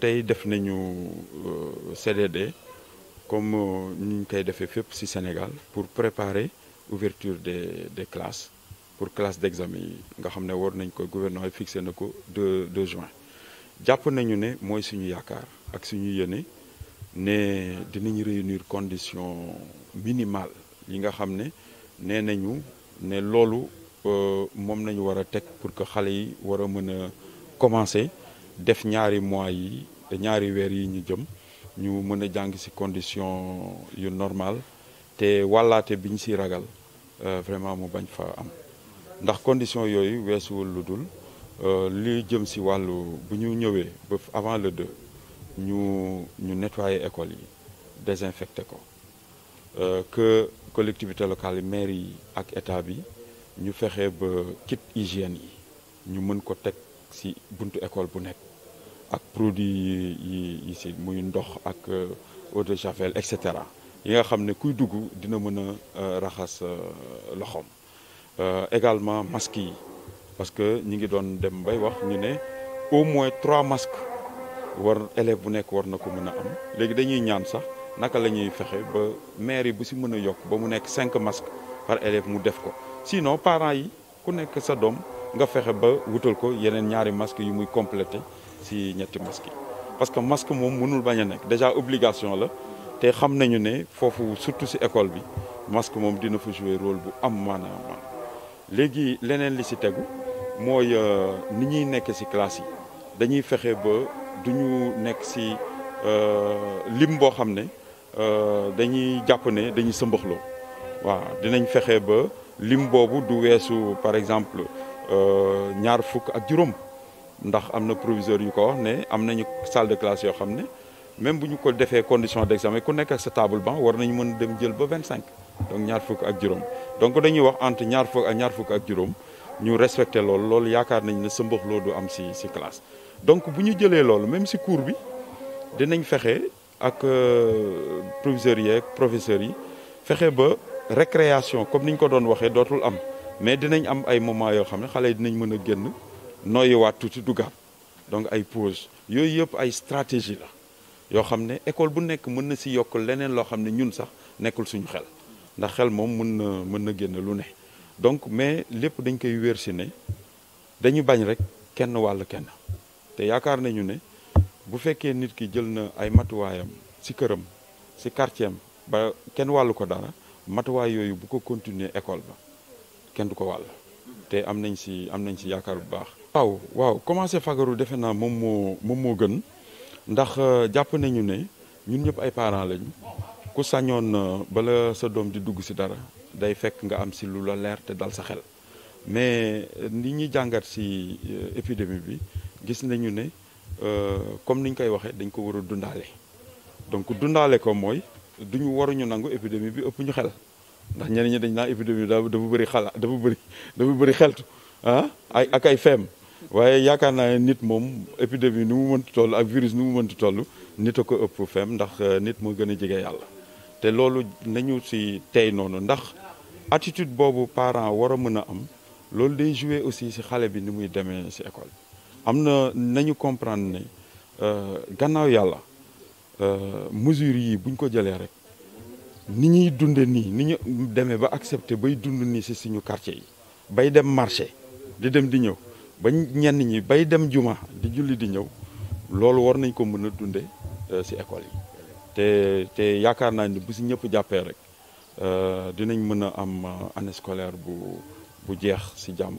tey def nañu euh, CDD comme euh, ni ñu koy defee fépp ci Sénégal pour préparer ouverture des des classes pour classe d'examen yi nga xam ne war nañ ko gouvernement yi fixé na ko 2 2 juin jàpp nañu ne mooy suñu yaakaar ak suñu yéene ne dinañu réunir condition minimales yi nga xam ne nee nañu ne loolu euh, moom nañu war a teg pour que xale yi war a mën a commencer. def ñaari mois yi ñaari weer yi ñu jëm ñu mën a jàng ci condition yu normal te wallaate biñ si ci ragal euh, vraiment mu bañ fa am ndax condition yooyu weesuwul lu dul euh, li jëm ci wàllu bu ñu ñëwee ba avant le deux ñu ñu nettoyer école yi désinfecté ko euh, que collectivité locale yi maire yi ak état bi ñu fexe ba kit hygiène yi ñu mën ko teg si buntu école bu nekk ak produit yi yi si muy ndox ak euh, eau de javel et cetera yi nga xam ne kuy dugg dina mën a euh, raxas euh, loxoom également masques yi parce que ñi ngi doon dem bay wax ñu ne au moins trois masques war élève bu nekk war na ko mën a am léegi dañuy ñaan sax naka la ñuy fexe ba maire bu si mën a yokk ba mu nekk cinq masques par élève mu def ko sinon parents yi ku nekk sa doom nga fexe ba wutal ko yeneen ñaari masque yu muy complété si ñetti masque yi parce que masque moom mënul bañ a nekk déjà obligation la te xam nañu ne foofu surtout si école bi masque moom dina fa jouer rôle bu am maanaam léegi leneen li si tegu mooy euh, ni ñuy nekke si classe yi dañuy fexe ba du ñu nekk si euh, lim boo xam ne euh, dañuy jàpp ne dañuy sëmbaxloo waaw dinañ fexe ba lim boobu du weesu par exemple Euh, ñaar fukk ak juróom ndax am na proviseur yu ko wax ne am nañu salle de classe yoo xam ne même bu ñu ko defee condition d'examen ku nekk ak sa table banc war nañu mën dem jël ba vingt cinq donc ñaar fukk ak juróom donc dañuy wax entre ñaar fukk ak ñaar fukk ak juróom ñu respecté lool loolu yaakaar nañ ne sa mbox loo du am si si classe donc bu ñu jëlee loolu même si cours bi dinañ fexe ak euh, proviseurs yi ak professeurs yi fexe ba récréation comme ni ñu ko doon waxee dootul am mais dinañ am ay moment yoo xam ne xale yi dinañ mën a génn noyyiwaat tuuti dugaat donc ay pause yooyu yëpp ay stratégie la yoo xam ne école bu nekk mën na si yokk leneen loo xam ne ñun sax nekkul suñu xel ndax xel moom mën na mën na génn lu ne donc mais lépp dañ koy wér si ne dañu bañ rek kenn wàll kenn te yaakaar nañu ne bu fekkee nit ki jël na ay matuwaayam si këram si quartier ba kenn wàllu ko dara matuwaay yooyu bu ko continuer école ba kenn du ko wàll te am nañ si am nañ si yaakaar bu baax. waaw waaw commencé fagaru defe naa moom moo moom moo gën ndax euh, jàpp nañu ne ñun ñëpp ay parents lañ ku sañoon euh, bala sa doom di dugg si dara day fekk nga am si lu la leer te dal sa xel mais euh, ni ñi jàngat si épidémie bi gis nañu ne comme ni ñu koy waxee dañ ko war a dundaale donc dundaale ko mooy duñu waruñu nangu épidémie bi ëpp ñu xel. ndax ñeneen ñi dañ naa épidémie dafa bëri xala dafa bëri dafa bëri xeltu ah ay ak ay feem waaye yaakaar naa ne nit moom épidémie ni mu mënti toll ak virus ni mu mënti toll nit a ko ëpp feem ndax euh, nit moo gën a jege yàlla te loolu nañu si tey noonu ndax attitude boobu parent war a mën a am loolu day jouer aussi si xale bi ni muy demee si école am na nañu comprendre ne euh, gannaaw yàlla euh, mesures yi buñ ko jëlee rek ni ñuy dunde nii ni ñu demee ba accepté bay dund nii si suñu quartier yi bay dem marché di dem di ñëw ba ñenn ñi bay dem juma di julli di ñëw loolu war nañ ko mën a dunde euh, si école yi te te yaakaar naa ni bu si ñëpp jàppee rek euh, dinañ mën a am euh, année scolaire bu bu jeex si jàmm